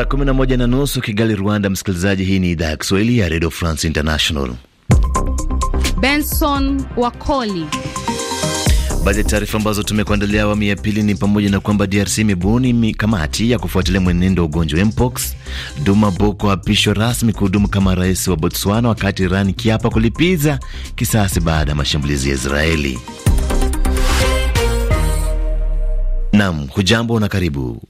Saa 11 na nusu Kigali, Rwanda. Msikilizaji, hii ni idhaa ya Kiswahili ya Radio France International. Benson Wakoli. Baadhi ya taarifa ambazo tumekuandalia awamu ya pili ni pamoja na kwamba DRC imebuni kamati ya kufuatilia mwenendo wa ugonjwa mpox, Duma Boko apishwa rasmi kuhudumu kama rais wa Botswana, wakati Iran ikiapa kulipiza kisasi baada ya mashambulizi ya Israeli. Nam hujambo na karibu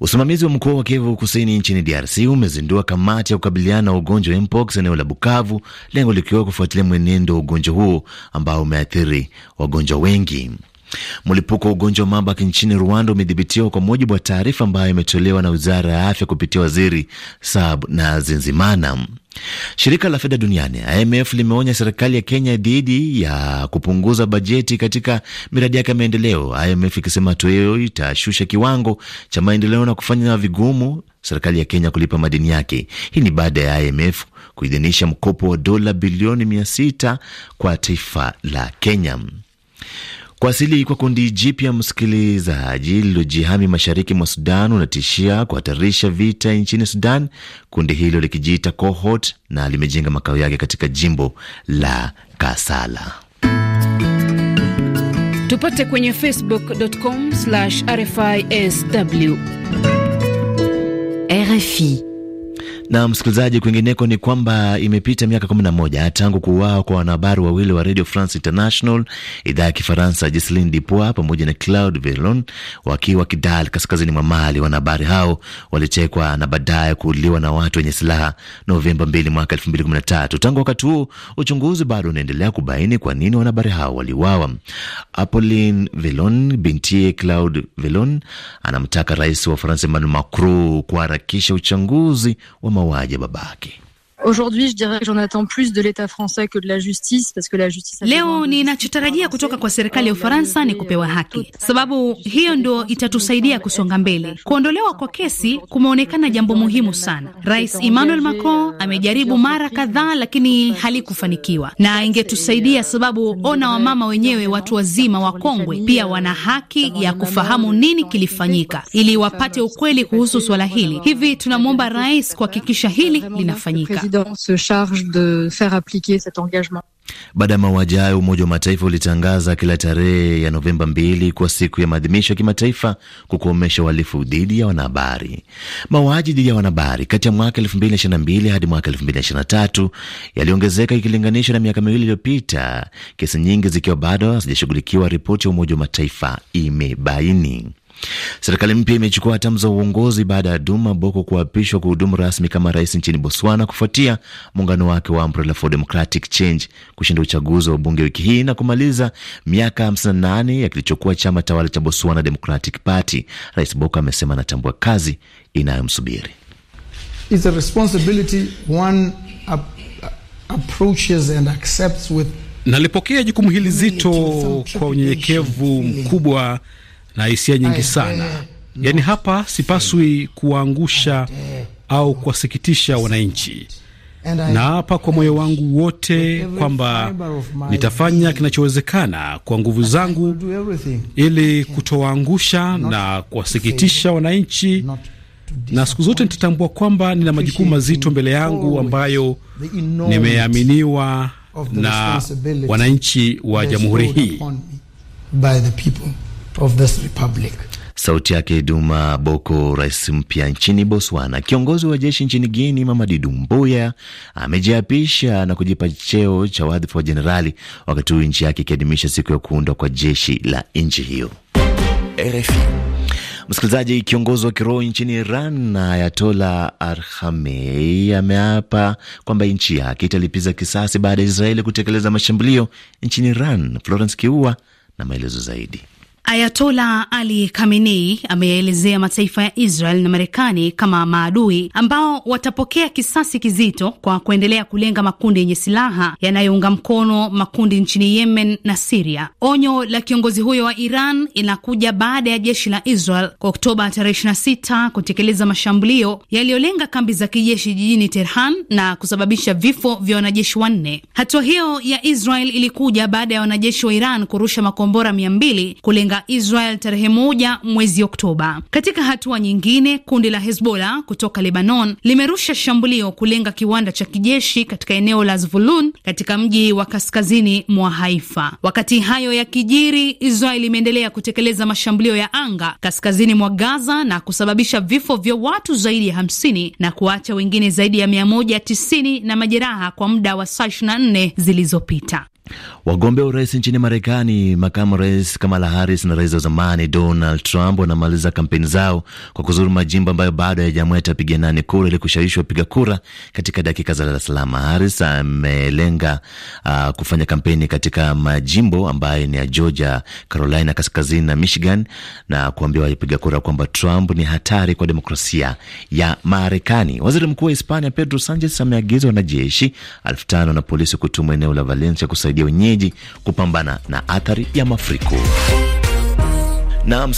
Usimamizi wa mkoa wa Kivu Kusini nchini DRC umezindua kamati ya kukabiliana na ugonjwa wa mpox eneo la Bukavu, lengo likiwa kufuatilia mwenendo wa ugonjwa huo ambao umeathiri wagonjwa wengi. Mlipuko wa ugonjwa wa mabaki nchini Rwanda umedhibitiwa kwa mujibu wa taarifa ambayo imetolewa na wizara ya afya kupitia waziri Saab na Zinzimana. Shirika la fedha duniani IMF limeonya serikali ya Kenya dhidi ya kupunguza bajeti katika miradi yake ya maendeleo, IMF ikisema hatua hiyo itashusha kiwango cha maendeleo na kufanya vigumu serikali ya Kenya kulipa madeni yake. Hii ni baada ya IMF kuidhinisha mkopo wa dola bilioni mia sita kwa taifa la Kenya. Kuasili kwa kundi jipya msikilizaji, lililojihami mashariki mwa Sudan unatishia kuhatarisha vita nchini Sudan, kundi hilo likijiita Cohort na limejenga makao yake katika jimbo la Kasala. Tupate kwenye facebook.com/rfisw RFI. Na msikilizaji, kwingineko ni kwamba imepita miaka 11 tangu kuuawa kwa wanahabari wawili wa Radio France International idhaa ya Kifaransa, Jocelyn Dipoa pamoja na Claude Verlon wakiwa Kidal, kaskazini mwa Mali. Wanahabari hao walitekwa na baadaye kuuliwa na watu wenye silaha Novemba 2 mwaka 2013. Tangu wakati huo uchunguzi bado unaendelea kubaini kwa nini wanahabari hao waliuawa. Apolline Velon, bintie Claude Velon, anamtaka rais wa Ufaransa Emmanuel Macron kuharakisha uchunguzi wa mauaji ya babake. Aujourd'hui, je dirais que j'en attends plus de l'État français que de la justice parce que la justice. Leo ninachotarajia kutoka kwa serikali ya oh, Ufaransa ni kupewa haki, sababu hiyo ndio itatusaidia kusonga mbele. Kuondolewa kwa kesi kumeonekana jambo muhimu sana. Rais Emmanuel Macron amejaribu mara kadhaa, lakini halikufanikiwa, na ingetusaidia sababu, ona wamama wenyewe, watu wazima wakongwe, pia wana haki ya kufahamu nini kilifanyika, ili wapate ukweli kuhusu swala hili. Hivi tunamwomba rais kuhakikisha hili linafanyika président se charge de faire appliquer cet engagement. Baada ya mauaji hayo, Umoja wa Mataifa ulitangaza kila tarehe ya Novemba mbili kwa siku ya maadhimisho ya kimataifa kukomesha uhalifu dhidi ya wanahabari. Mauaji dhidi ya wanahabari kati ya mwaka 2022 hadi mwaka 2023 yaliongezeka ikilinganishwa na miaka miwili iliyopita, kesi nyingi zikiwa bado hazijashughulikiwa, ripoti ya Umoja wa Mataifa imebaini. Serikali mpya imechukua hatamu za uongozi baada ya Duma Boko kuapishwa kuhudumu rasmi kama rais nchini Botswana kufuatia muungano wake wa Umbrella for Democratic Change kushinda uchaguzi wa bunge wiki hii na kumaliza miaka 58 ya kilichokuwa chama tawala cha Botswana Democratic Party. Rais Boko amesema anatambua kazi inayomsubiri. nalipokea jukumu hili zito kwa unyenyekevu mkubwa na hisia nyingi sana. Yaani hapa sipaswi kuwaangusha au kuwasikitisha wananchi, na hapa kwa moyo wangu wote kwamba nitafanya kinachowezekana kwa nguvu zangu ili kutowaangusha na kuwasikitisha wananchi na siku zote nitatambua kwamba nina majukumu mazito mbele yangu ambayo nimeaminiwa na wananchi wa jamhuri hii of this republic. Sauti yake Duma Boko, rais mpya nchini Botswana. Kiongozi wa jeshi nchini Guini, Mamadi Dumbuya, amejiapisha na kujipa cheo cha wadhifa wa jenerali, wakati huu nchi yake ikiadhimisha siku ya kuundwa kwa jeshi la nchi hiyo. RFI Msikilizaji, kiongozi wa kiroho nchini Iran Ayatola Arhamei ameapa kwamba nchi yake italipiza kisasi baada ya Israeli kutekeleza mashambulio nchini Iran. Florence Kiua na maelezo zaidi. Ayatola Ali Khamenei ameyaelezea mataifa ya Israel na Marekani kama maadui ambao watapokea kisasi kizito kwa kuendelea kulenga makundi yenye silaha yanayounga mkono makundi nchini Yemen na Siria. Onyo la kiongozi huyo wa Iran inakuja baada ya jeshi la Israel kwa Oktoba 26 kutekeleza mashambulio yaliyolenga kambi za kijeshi jijini Tehran na kusababisha vifo vya wanajeshi wanne. Hatua hiyo ya Israel ilikuja baada ya wanajeshi wa Iran kurusha makombora 2 kulenga kuilenga Israel tarehe moja mwezi Oktoba. Katika hatua nyingine, kundi la Hezbollah kutoka Lebanon limerusha shambulio kulenga kiwanda cha kijeshi katika eneo la Zvulun katika mji wa kaskazini mwa Haifa. Wakati hayo ya kijiri, Israel imeendelea kutekeleza mashambulio ya anga kaskazini mwa Gaza na kusababisha vifo vya watu zaidi ya 50 na kuacha wengine zaidi ya 190 na majeraha kwa muda wa saa 24 zilizopita. Wagombea urais nchini Marekani, makamu rais Kamala Harris na rais wa zamani Donald Trump wanamaliza kampeni zao kwa kuzuru majimbo ambayo bado hayajaamua yatapiga nani kura ili kushawishi wapiga kura katika dakika za lala salama. Harris amelenga uh, kufanya kampeni katika majimbo ambayo ni ya Georgia, Carolina Kaskazini na Michigan, na kuambia wapiga kura kwamba Trump ni hatari kwa demokrasia ya Marekani. Waziri mkuu wa Hispania Pedro Sanchez ameagiza wanajeshi elfu tano na polisi kutumwa eneo la Valencia kusaidia kusaidia wenyeji kupambana na athari ya mafuriko na